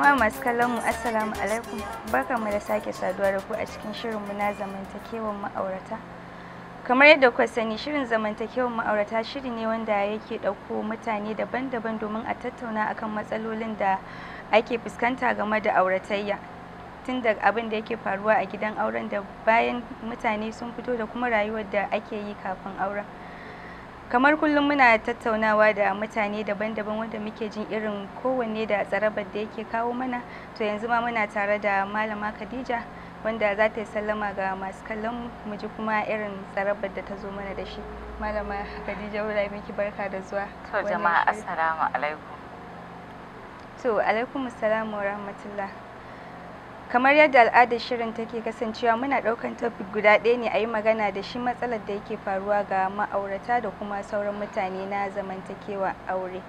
Jama'a masu kallon mu Assalamu alaikum. mu da sake saduwa da ku a cikin shirin mu na zamantakewar ma'aurata. Kamar yadda ku sani shirin zamantakewar ma'aurata shiri ne wanda yake ɗauko mutane daban-daban domin a tattauna akan matsalolin da ake fuskanta game da auratayya. Tun da abin da yake faruwa a gidan auren da bayan mutane sun fito da kuma rayuwar da ake yi kafin auren. kamar kullum muna tattaunawa da mutane daban-daban wanda muke jin irin kowanne da tsarabar da yake kawo mana to yanzu ma muna tare da malama khadija wanda za ta yi sallama ga masu kallon mu ji kuma irin tsarabar da ta zo mana da shi malama khadija wula miki barka da zuwa to jama'a assalamu alaikum to alaikum assalamu wa rahmatullah Kamar yadda al'adar shirin take kasancewa muna ɗaukan tafi guda ɗaya ne a yi magana da shi matsalar da yake faruwa ga ma'aurata da kuma sauran mutane na zamantakewa aure.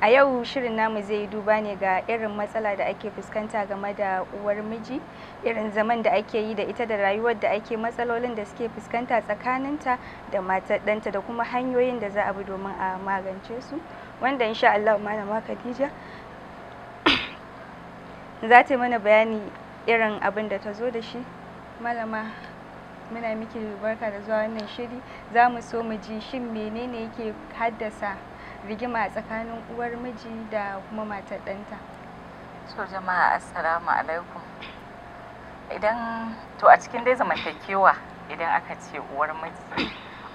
A yau shirin namu zai yi duba ne ga irin matsala da ake fuskanta game da uwar miji, irin zaman da ake yi da ita da rayuwar da ake matsalolin da suke fuskanta tsakaninta da matar ɗanta da kuma hanyoyin da za a bi domin a magance su. Wanda insha Allah Malama Khadija za ta yi mana bayani irin abin da ta zo da shi malama muna miki barka da zuwa wannan shiri za mu so mu ji shin menene yake haddasa rigima a tsakanin uwar miji da kuma matar ɗanta so jama'a assalamu alaikum idan to a cikin dai zamantakewa idan aka ce uwar miji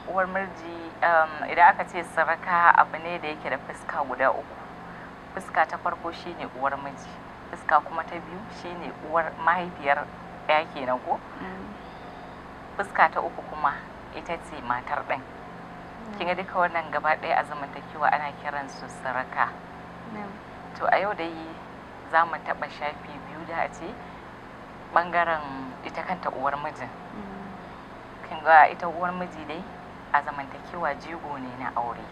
uwar miji um, idan aka ce saraka abu ne da yake da fuska guda uku fuska ta farko shine uwar miji fuska kuma ta biyu shine uwar mahaifiyar ɗaya kenan ko mm. fuska ta uku kuma ita ce matar ɗin mm. kin ga duka wannan gaba ɗaya a zamantakewa ana kiran su saraka mm. to a yau dai za mu taɓa shafi biyu da a ce ɓangaren ita kanta uwar mijin kin ga ita uwar miji dai a zamantakewa jigo ne na aure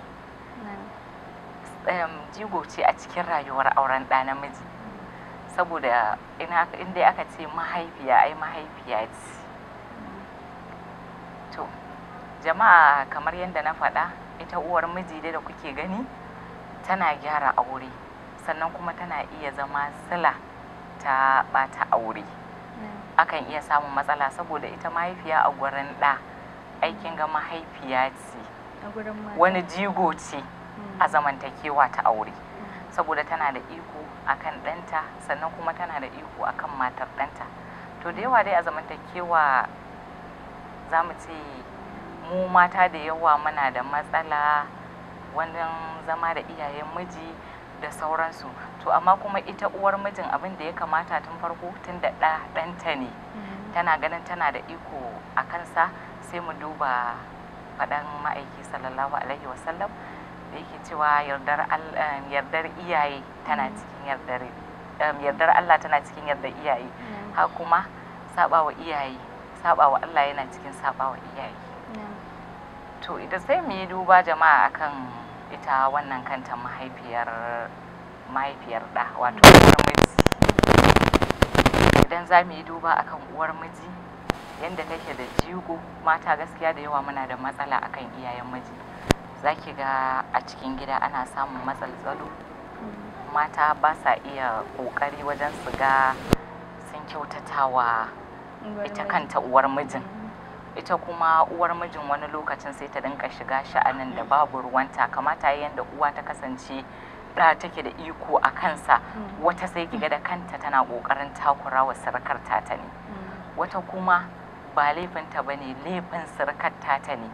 jigo ce a cikin rayuwar auren ɗa namiji saboda in dai aka ce mahaifiya ai mahaifiya ce to jama'a kamar yadda na faɗa ita uwar miji da kuke gani tana gyara aure sannan kuma tana iya zama sila ta ɓata aure akan iya samun matsala saboda ita mahaifiya a gurin ɗa aikin ga mahaifiya ce wani jigo ce hmm. a zamantakewa ta aure saboda tana da iko akan ɗanta sannan kuma tana da iko akan matar ɗanta to da yawa dai a zamantakewa za mu ce mu mata da yawa muna da matsala wannan zama da iyayen miji da sauransu to amma kuma ita uwar mijin abin da ya kamata tun farko tun da ɗanta ne mm-hmm. tana ganin tana da iko a kansa sai mu duba faɗan ma'aiki sallallahu alaihi wasallam da yake cewa yardar um, yardar iyaye tana mm. cikin yardar um, yardar Allah tana cikin yardar iyaye mm. ha kuma sabawa iyaye sabawa Allah yana cikin sabawa iyaye mm. to idan sai mu yi duba jama'a akan ita wannan kanta mahaifiyar mahaifiyar da wato uwar miji idan za mu yi duba akan uwar miji yadda take da jigo mata gaskiya da yawa muna da matsala akan iyayen miji zaki ga a cikin gida ana samun matsaltsalo mm. mata ba sa iya ƙoƙari wajen su ga sun kyautatawa ita kanta uwar mijin mm. ita kuma uwar mijin wani lokacin sai ta dinka shiga sha'anin da mm. babu ruwanta kamata yadda uwa ta kasance ɗa take da iko a kansa wata sai kiga da kanta tana ƙoƙarin takura wa sarkar tata ne wata kuma ba laifinta ba ne laifin sarkar tata ne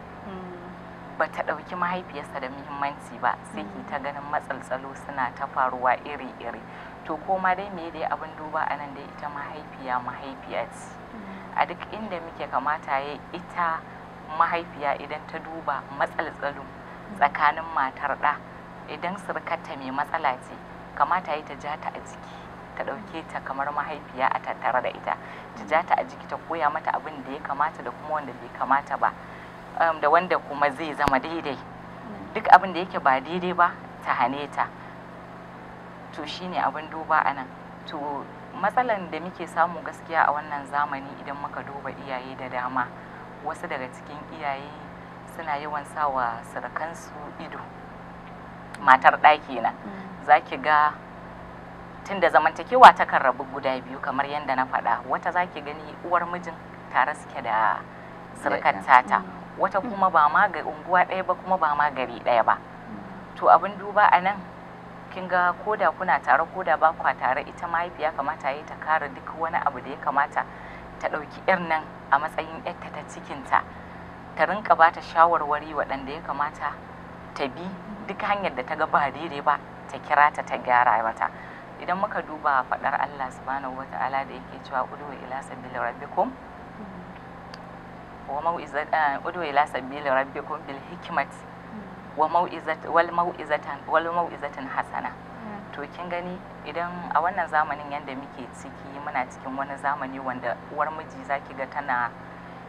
ba ta ɗauki mahaifiyarsa da muhimmanci ba sai ki ta ganin matsaltsalo suna ta faruwa iri-iri to koma dai me dai abin duba a nan dai ita mahaifiya mahaifiya ce a duk inda muke kamata ya ita mahaifiya idan ta duba matsaltsalo tsakanin matar ɗa idan surkarta mai matsala ce kamata ya ta ja a jiki ta ɗauke ta kamar mahaifiya a tattare da ita ta ja a jiki ta koya mata abin da ya kamata da kuma wanda bai kamata ba Um, da wanda kuma zai zama daidai mm. duk abin da yake ba daidai ba ta hane ta to shine abin duba a nan to matsalan da muke samu gaskiya a wannan zamani idan muka duba iyaye da dama wasu daga cikin iyaye suna yawan sawa surukansu ido matar ɗaki na mm. za ki ga tun da zamantakewa takan rabu guda biyu kamar yadda na faɗa wata za ki gani uwar mijin tare suke da surukar tata mm. wata mm. kuma ba ma ga unguwa ɗaya ba kuma ba ma gari ɗaya ba mm. to abin duba a nan kin ga koda kuna tare koda ba kwa tare ita mahaifiya kamata yi ta kare duk wani abu da ya kamata ta ɗauki 'yar nan a matsayin 'yarta ta cikinta ta rinka ba ta shawarwari waɗanda ya kamata ta bi duk hanyar da ta ga ba daidai ba ta kira ta ta gyara mata idan muka duba faɗar Allah subhanahu Ta'ala da yake cewa udu ila sabili rabbikum wa mau'izatan eh, udu ila sabili rabbikum bil hikmati hmm. wa wal hmm. to kin gani idan a wannan zamanin yadda muke ciki muna cikin wani zamani wanda uwar miji zaki ga tana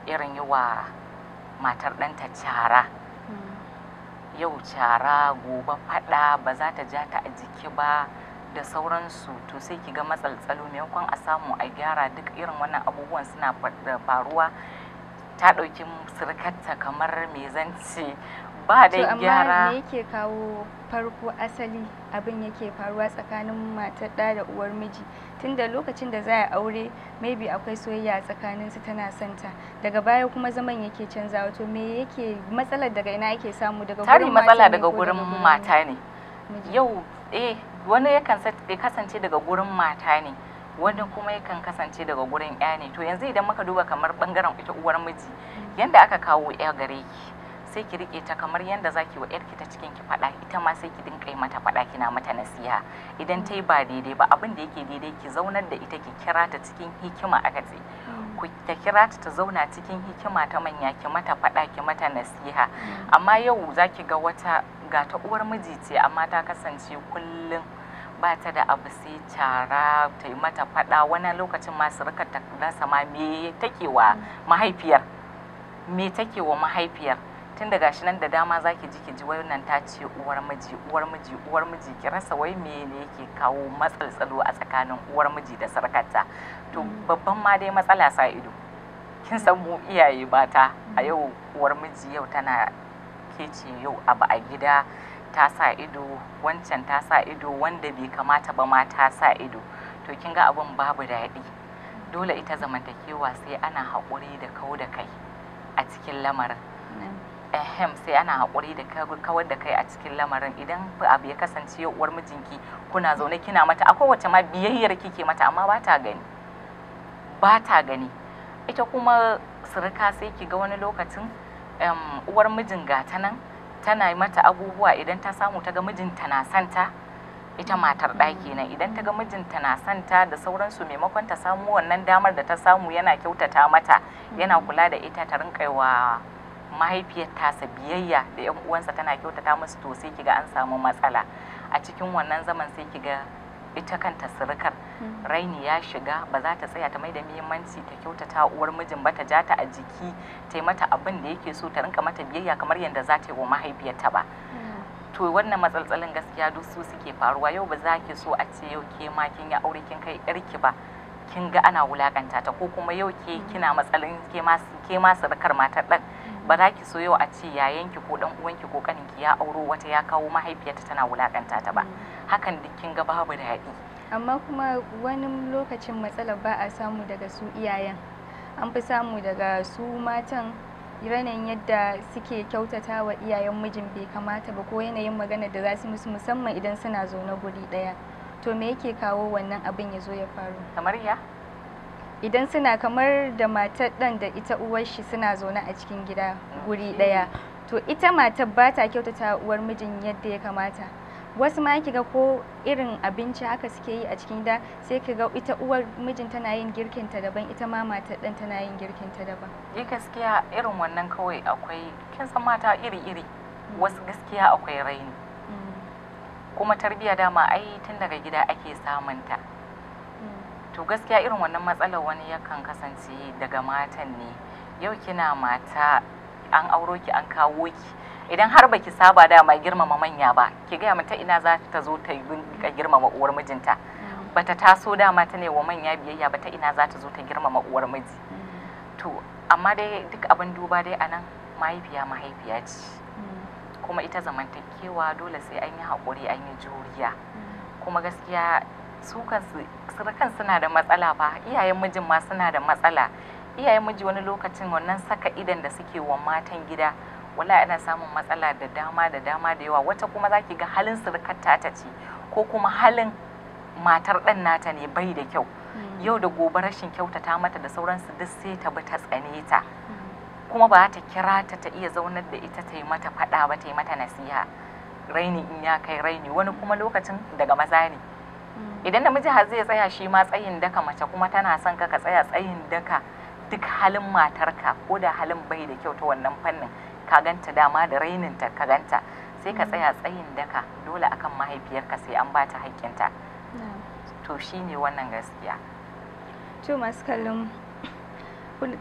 irin yi wa matar ɗanta cara hmm. yau cara gobe faɗa ba za ta ja ta a jiki ba da sauransu to sai ki ga matsaltsalo maimakon a samu a gyara duk irin wannan abubuwan suna faruwa ta ɗauki surkarta kamar mai zance ba da gyara amma me yake kawo farko asali abin yake faruwa tsakanin matar da da uwar miji tunda lokacin da za a aure maybe akwai soyayya tsakanin su tana santa daga baya kuma zaman yake canza wato me yake matsalar daga ina yake samu daga gurin mata matsala daga gurin mata ne yau eh wani yakan kasance daga gurin mata ne wani kuma yakan kasance daga gurin ya ne to yanzu idan muka duba kamar bangaren ita uwar miji yanda aka kawo ya gare ki sai ki rike ta kamar yanda zaki wa yarki ta cikin ki faɗa ita ma sai ki dinka yi mata faɗa kina mata nasiha idan ta yi ba daidai ba abin da yake daidai ki zaunar da ita ki kira ta cikin hikima aka ce mm. ku ta kira ta ta zauna cikin hikima ta manya ki mata faɗa ki mata nasiha mm. amma yau zaki ga wata ga ta uwar miji ce amma ta kasance kullum ba ta da abu sai cara ta yi mata fada wani lokacin masu rika ta rasa ma me take wa mahaifiyar me take wa mahaifiyar tun daga shi nan da dama zaki ji ki ji wannan ta ce uwar miji uwar miji uwar miji ki rasa wai me ne yake kawo matsaltsalo a tsakanin uwar miji da sarkarta to mm. babban ma dai matsala sa ido kin san mu iyaye mata a yau uwar miji yau tana ke ce yau abu a gida ta sa ido wancan ta sa ido wanda bai kamata ba ma ta sa ido to kin ga abin babu daɗi dole ita zamantakewa sai ana haƙuri da kau da kai a cikin lamarin ehem sai ana haƙuri da kawar da kai a cikin lamarin idan abu ya kasance uwar mijinki kuna zaune kina mata akwai wace ma biyayyar kike mata amma ba ta gani ba ta gani ita kuma surika sai ki ga wani lokacin uwar mijin gata nan tana yi mata abubuwa idan ta samu ta ga mijinta na santa ita matar ɗaki nan idan ta ga mijinta na santa da sauransu maimakon ta samu wannan damar da ta samu yana kyautata mata yana kula da ita ta rinkaiwa wa mahaifiyar tasa biyayya da yan uwansa tana kyautata musu to sai kiga an samu matsala a cikin wannan zaman sai kiga ita kanta surukar hmm. raini ya shiga ba za ta tsaya ta mai da muhimmanci ta kyautata uwar mijin ba ta ja ta a jiki ta mata abin da yake so ta rinka mata biyayya kamar yadda za ta yi wa mahaifiyarta ba hmm. to wannan matsaltsalin gaskiya duk su suke faruwa yau ba za ki so a ce yau ke ma kin yi aure kin kai yarki ba kin ga ana wulakanta ta ko kuma yau ke hmm. kina matsalin ke ma surukar matar ɗan ba za ki so yau a ce yayanki ko dan uwanki ko kaninki ya auro wata ya kawo mahaifiyarta tana wulakanta ta ba mm. hakan duk kin ga babu daɗi amma kuma wani lokacin matsalar ba a samu daga su iyayen an fi samu daga su matan yanayin yadda suke kyautata wa iyayen mijin bai kamata ba ko yanayin magana da za su musu musamman idan suna zaune guri ɗaya to me yake kawo wannan abin ya zo ya faru kamar ya idan suna kamar da matar ɗan da ita uwar shi suna zaune a cikin gida guri daya to ita matar ba ta kyautata uwar mijin yadda ya kamata wasu ma kiga ko irin abinci haka suke yi a cikin gida sai kiga ita uwar mijin tana yin girkin ta daban ita ma matar ɗan tana yin girkin ta daban eh gaskiya irin wannan kawai akwai kin san mata iri-iri mm. wasu gaskiya akwai raini mm. kuma tarbiyya dama ai tun daga gida ake samunta ta to gaskiya irin wannan matsalar wani yakan kasance daga matan ne yau kina mata an auro ki an kawo ki idan har baki saba dama girmama manya ba ki gaya mata ina za ta zo ta girmama uwar mijinta mm. bata taso dama ta ne wa manya biyayya ba ta ina za ta zo ta girmama uwar miji mm. to amma dai duk abin duba dai anan mahaifiya mahaifiya ce mm. kuma ita zamantakewa dole sai an yi haƙuri an yi juriya kuma gaskiya su kansu suna da matsala ba iyayen mijin ma suna da matsala iyayen miji wani lokacin wannan saka idan da suke wa matan gida wala ana samun matsala da dama da dama da yawa wata kuma zaki ga halin surukar ta ce ko kuma halin matar ɗan nata ne bai da kyau hmm. yau da gobe rashin kyautata mata da sauransu duk sai ta bi ta tsane ta hmm. kuma ba ta kira ta ta iya zaunar da ita ta yi mata faɗa ba ta yi mata nasiha raini in ya kai raini wani kuma lokacin daga maza ne Mm. idan namiji har zai tsaya shi ma tsayin daka mace kuma tana son ka ka tsaya tsayin daka duk halin matarka ko da halin bai da kyau ta wannan fannin ka ganta dama da raininta ka ganta sai ka mm. tsaya tsayin daka dole akan mahaifiyarka sai an bata haƙƙinta to shine wannan gaskiya to masu kallon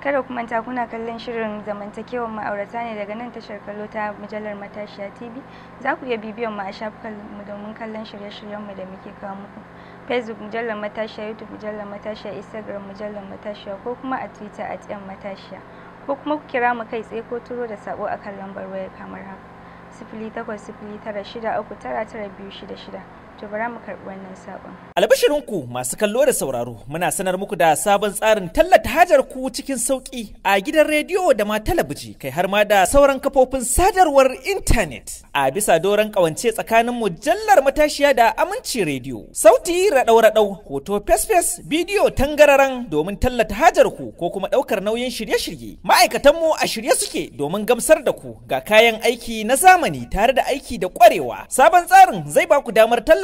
Kada ku manta kuna kallon shirin zamantakewar ma'aurata ne daga nan tashar kallo ta mujallar matashiya TV. Za ku iya bibiyan mu a shafukan mu domin kallon shirye-shiryenmu da muke kawo muku. Facebook mujallar matashiya, YouTube mujallar matashiya, Instagram mujallar matashiya ko kuma a Twitter at ƴan matashiya. Ko kuma ku kira mu kai tsaye ko turo da sako kan lambar waya kamar haka. sifili takwas sifili tara shida uku tara tara biyu shida shida. to bara mu karɓi wannan saƙon. Albashirinku masu kallo da sauraro muna sanar muku da sabon tsarin tallata hajar ku cikin sauƙi a gidan rediyo da ma talabiji kai har ma da sauran kafofin sadarwar intanet a bisa doron ƙawance tsakanin mujallar matashiya da aminci rediyo. Sauti raɗau-raɗau hoto fesfes bidiyo tangararan domin tallata hajar ku ko kuma ɗaukar nauyin shirye-shirye. ma'aikatan mu a shirye suke domin gamsar da ku ga kayan aiki na zamani tare da aiki da ƙwarewa. Sabon tsarin zai ba ku damar tallata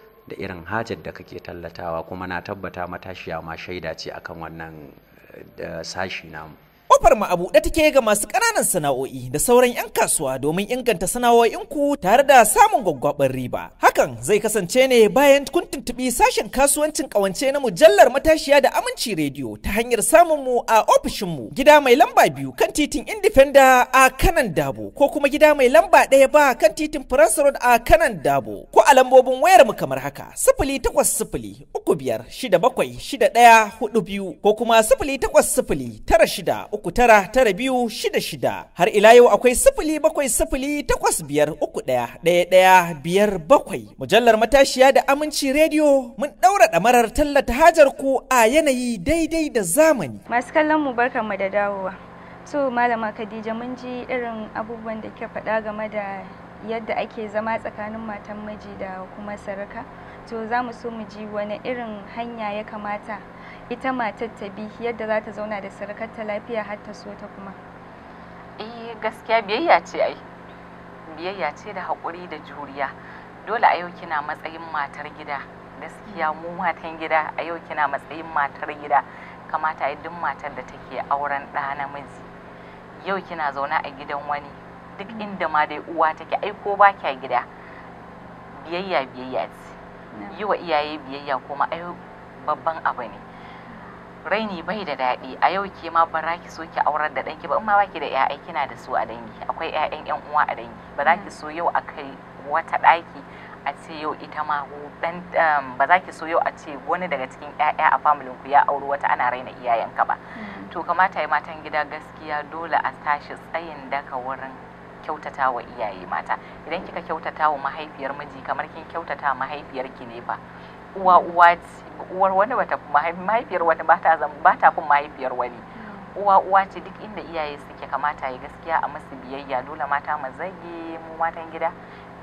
da irin hajar da kake tallatawa kuma na tabbata matashiya ma shaida ce akan wannan eh, sashi namu kofar mu a buɗe take ga masu ƙananan sana'o'i da sauran 'yan kasuwa domin inganta sana'o'inku tare da samun gwaggwabar riba Hakan zai kasance ne bayan kun tuntubi sashen kasuwancin ƙawance na mujallar matashiya da aminci rediyo ta hanyar samun mu a ofishin mu. gida mai lamba biyu kan titin Indifenda a kanan dabo ko kuma gida mai lamba ɗaya ba kan titin France Road a kanan dabo ko a lambobin wayar mu kamar haka sifili takwas sifili uku biyar shida bakwai shida ɗaya hudu biyu ko kuma sifili takwas sifili tara shida uku tara tara biyu shida shida har ila yau akwai sifili bakwai sifili takwas biyar uku ɗaya ɗaya ɗaya biyar bakwai kai. Mujallar matashiya da aminci rediyo mun ɗaura ɗamarar tallata hajar ku a yanayi daidai da zamani. Masu kallon mu barkanmu da dawowa. So malama Khadija mun ji irin abubuwan da ke faɗa game da yadda ake zama tsakanin matan miji da kuma sarka. To za mu so mu ji wani irin hanya ya kamata ita matar ta bi yadda za ta zauna da ta lafiya har ta so ta kuma. Eh gaskiya biyayya ce ai. biyayya ce da haƙuri da juriya dole a yau kina matsayin matar gida gaskiya mu matan gida a yau kina matsayin matar gida kamata yi duk matar da take auren ɗa namiji yau kina zauna a gidan wani duk mm. inda ma dai uwa take ai ko ba kya gida biyayya biyayya ce yi wa iyaye biyayya kuma ai babban abu ne raini bai da daɗi a yau ke ma ba za ki so ki aurar da ɗanki ba in ma baki da ƴaƴa kina da su a dangi akwai 'ya'yan 'yan uwa a dangi ba za ki mm. so yau a kai wata ɗaki a ce yau ita ma ɗan um, ba za ki so yau a ce wani daga cikin 'ya'ya a familin ku ya auri wata ana raina iyayenka ba mm. to kamata yi matan gida gaskiya dole a tashi tsayin daka wurin kyautata wa iyaye mata idan kika kyautata wa mahaifiyar miji kamar kin kyautata mahaifiyarki ne fa uwa uwa uwar wani wata mahaifiyar wani ba ta zama ba kun mahaifiyar wani hmm. uwa uwa ce duk inda iyaye suke kamata ya gaskiya a masu biyayya dole mata mu zage mu matan gida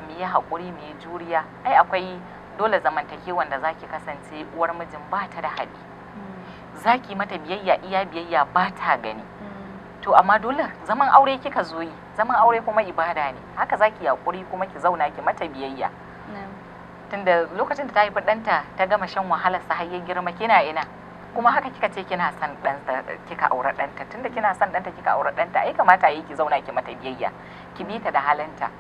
mu yi haƙuri mu yi juriya ai akwai dole zamantakewan da zaki kasance uwar mijin ba ta da haɗi hmm. zaki mata biyayya iya biyayya ba ta gani hmm. to amma dole zaman aure kika zo yi zaman aure kuma ibada ne haka zaki haƙuri kuma ki zauna ki mata biyayya tunda lokacin da ta haifi ɗanta ta gama shan wahalar sa har ya girma kina ina kuma haka kika ce kina son ɗanta kika aure ɗanta tunda kina son ɗanta kika aure ɗanta ai kamata yi ki zauna ki mata biyayya ki bi ta da halanta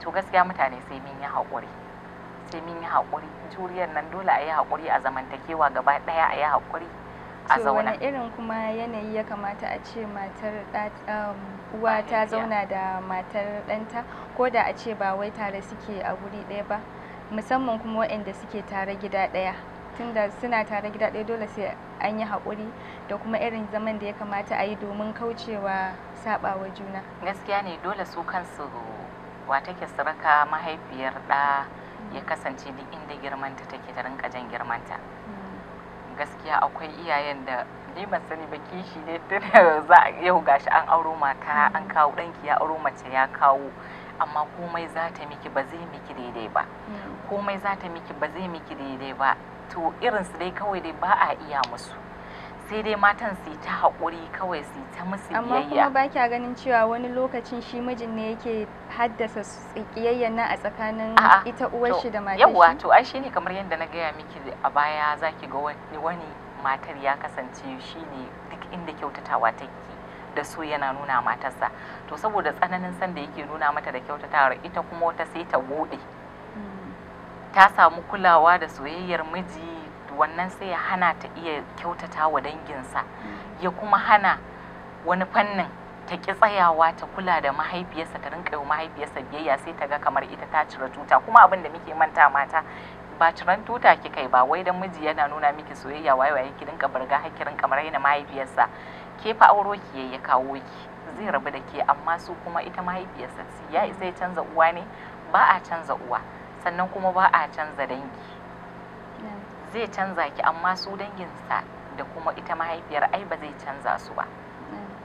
to gaskiya mutane sai mun yi haƙuri sai mun yi haƙuri juriyar nan dole a yi haƙuri a zamantakewa gaba ɗaya a yi haƙuri a zauna wani irin kuma yanayi ya kamata a ce matar um, uwa ta zauna da matar ɗanta ko da a ce ba wai tare suke a guri ɗaya ba musamman kuma waɗanda suke tare gida ɗaya tunda suna tare gida ɗaya dole sai an yi haƙuri da kuma irin zaman da ya kamata a yi domin kaucewa saɓawa juna gaskiya ne dole su kansu wata ke suraka mahaifiyar ɗa ya mm. kasance duk inda girmanta take ta rinka jan girmanta mm. gaskiya akwai iyayen da ni ban sani ba kishi ne tun za a yau gashi an auro mata an mm. kawo ɗanki ya auro mace ya kawo amma komai za ta miki ba zai miki daidai ba komai za ta miki ba zai miki daidai ba to irinsu dai kawai dai ba a iya musu sai dai matan su ta haƙuri kawai su ta musu biyayya amma kuma ba kya ganin cewa wani lokacin shi mijin ne yake haddasa tsikiyayya na a tsakanin ita uwar shi da matar shi yawa to ai shine kamar yadda na gaya miki a baya zaki ga wani matar ya kasance shine duk inda kyautatawa take da so yana nuna matarsa to saboda tsananin san da yake nuna mata da kyautatawar ita kuma wata sai ta bude ta samu kulawa da soyayyar miji wannan sai ya hana ta iya kyautata wa danginsa ya kuma hana wani fannin ta ki tsayawa ta kula da mahaifiyarsa ta rinka yi mahaifiyarsa biyayya sai ta ga kamar ita ta cire tuta kuma abin da muke manta mata ba ciran tuta ki kai ba wai dan miji yana nuna miki soyayya waye waye ki rinka burga har ki rinka mahaifiyarsa ke fa auro ki ya kawo ki zai rabu da ke amma su kuma ita mahaifiyarsa ya isa ya canza uwa ne ba a canza uwa sannan kuma ba a canza dangi zai canza ki amma su dangin sa da kuma ita mahaifiyar ai ba zai canza su ba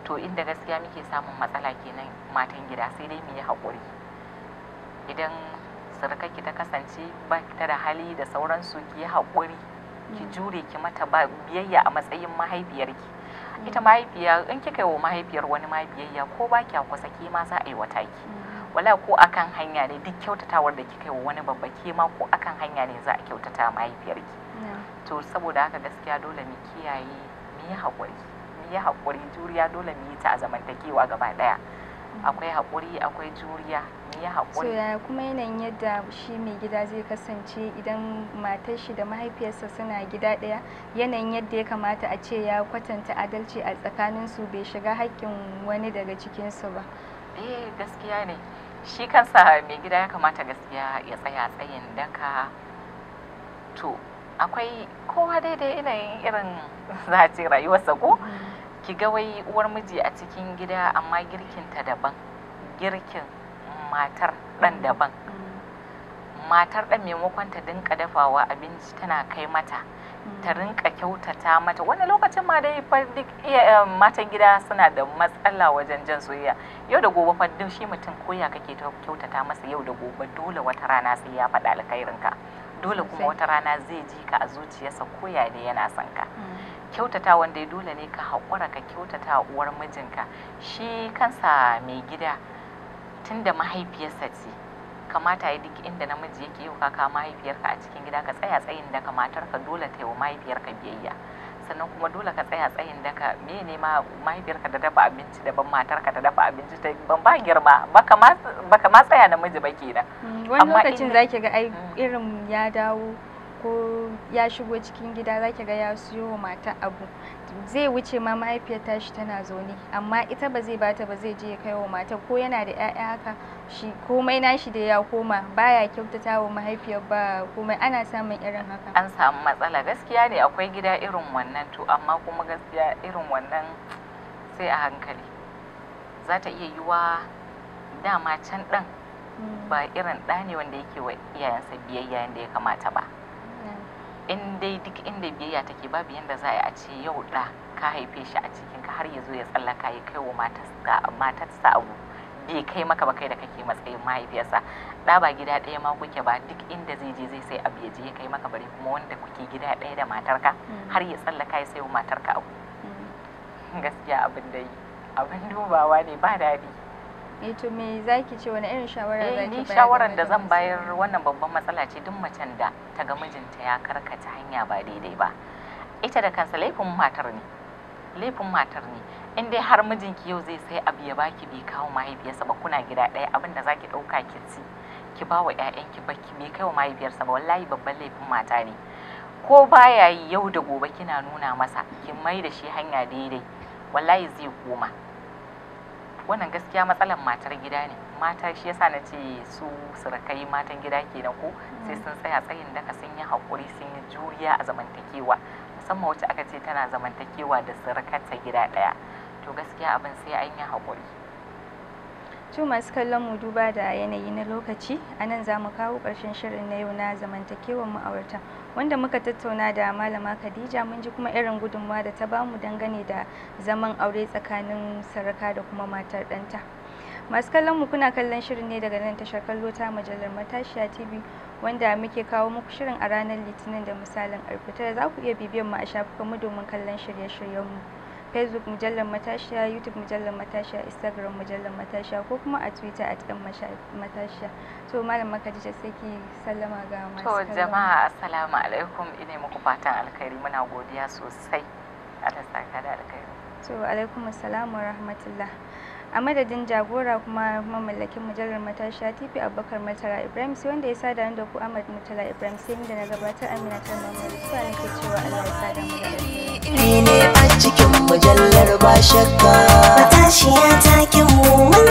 to inda gaskiya muke samun matsala kenan matan gida sai dai mu yi haƙuri idan ki ta kasance ba ta da hali da sauransu ki yi haƙuri ki mm. jure ki mata biyayya a matsayin mahaifiyarki ita mm. mahaifiya in kika yi wa mahaifiyar wani ma biyayya ko ba kya kusa ki ma za a yi wata ki mm. wala ko akan hanya ne duk kyautatawar da kika yi wa wani babba ke ma ko akan hanya ne za a kyautata mahaifiyarki to saboda haka gaskiya dole mu kiyaye mu yi haƙuri mu yi haƙuri juriya dole mu yi ta a zamantakewa gaba ɗaya mm-hmm. akwai haƙuri akwai juriya mu yi haƙuri to kuma yanayin yadda shi mai gida zai kasance idan matar shi da mahaifiyarsa suna gida daya yanayin yadda ya kamata a ce ya kwatanta adalci a tsakaninsu bai shiga haƙƙin wani daga cikinsu ba eh gaskiya ne shi kansa mai gida ya kamata gaskiya ya tsaya tsayin daka to akwai kowa daidai yanayin irin za rayuwarsa ko mm. ki ga wai uwar miji a cikin gida amma girkinta daban girkin matar dan mm. daban mm. matar dan maimakon ta dinka dafawa abinci tana kai mata ta rinka kyautata mata wani lokacin ma dai duk eh, matan gida suna da matsala wajen jan soyayya yau da gobe shi mutum koya kake ta kyautata masa yau da gobe dole wata rana sai ya faɗa alkhairinka dole kuma wata rana zai ji ka a zuciyarsa koya da yana son ka mm. kyautata wanda dole ne ka haƙura ka kyautata uwar mijinka shi kansa mai gida tunda mahaifiyarsa ce kamata ya duk inda namiji yake yi kaka mahaifiyarka a cikin gida ka tsaya tsayin daka matarka dole ta yi wa mahaifiyarka biyayya sannan kuma dole ka tsaya tsayin daka me ne ma mahaifiyarka da dafa abinci daban matarka ta dafa abinci ta ban ba girma baka ma tsaya namiji ba kenan hmm, wani lokacin zaki ga ai hmm. irin ya dawo ko ya shigo cikin gida za ki ga ya siyo wa mata abu zai wuce ma mahaifiyar tashi tana zaune amma ita ba zai bata ba zai je ya kai wa mata ko yana da 'ya'ya haka shi komai nashi da ya koma baya kyautata wa mahaifiyar ba komai ana samun irin haka an samu matsala gaskiya ne akwai gida irin wannan to amma kuma gaskiya irin wannan sai a hankali za ta iya yiwa dama can ɗan hmm. ba irin ɗa ne wanda yake wa iyayensa biyayya yadda ya kamata ba in dai duk inda biyayya take babu yanda za a ce yau da ka haife shi a cikin ka har ya zo ya tsallaka ya kai wa matarsa abu bai kai maka ba kai da kake matsayin mahaifiyarsa da ba gida ɗaya ma kuke ba duk inda zai je zai sai abu ya je ya kai maka bare kuma wanda kuke gida ɗaya da matarka mm. har ya tsallaka ya sai wa matarka abu mm. gaskiya abin da abin dubawa ne ba daɗi eh to me zaki ce wani irin shawara zaki eh, bayar shawaran da zan bayar wannan babban matsala ce duk macen da ta ga mijinta ya karkata hanya ba daidai ba ita da kansa laifin matar ne laifin matar ne in dai har mijinki yau zai sai abu ya baki bai kawo mahaifiyarsa ba kuna gida ɗaya abin da zaki ɗauka ki ci ki ba wa ƴaƴanki baki bai kai wa mahaifiyarsa ba wallahi babban laifin mata ne ko baya yi yau da gobe kina nuna masa ki mai da shi hanya daidai wallahi zai koma wannan gaskiya matsalan matar gida ne mata shi yasa na ce su surakai matan gida kenan ko mm. sai sun tsaya tsayin daka sun yi hakuri sun yi juriya a zamantakewa musamman wacce aka ce tana zamantakewa da surukarta gida ɗaya to gaskiya abin sai an yi hakuri To masu kallon mu duba da yanayi na lokaci, a nan za mu kawo ƙarshen shirin na yau na zamantakewar ma'aurata wanda muka tattauna da Malama Khadija mun ji kuma irin gudunmawa da ta bamu dangane da zaman aure tsakanin saraka da kuma matar ɗanta. Masu kallon mu kuna kallon shirin ne daga nan tashar kallo ta mujallar Matashiya TV wanda muke kawo muku shirin a ranar Litinin da misalin ƙarfe za ku iya bibiyar mu a shafukan mu domin kallon shirye-shiryenmu. facebook mujallar matashiya youtube mujallar matashiya instagram mujallar matashiya ko kuma a twitter at ɗan matashiya to malam makadija sai ki sallama ga masu to jama'a assalamu alaikum ina muku fatan alkhairi muna godiya sosai a da alkhairi to alaikum assalam wa rahmatullah a madadin jagora kuma mamallakin mujallar matashiya tv abubakar matara ibrahim sai wanda ya sada da ku ahmad matara ibrahim sai inda na gabatar amina ta mamman suwa nake cewa allah ya sada mu da ne a cikin mujallar ba shakka matashiya ta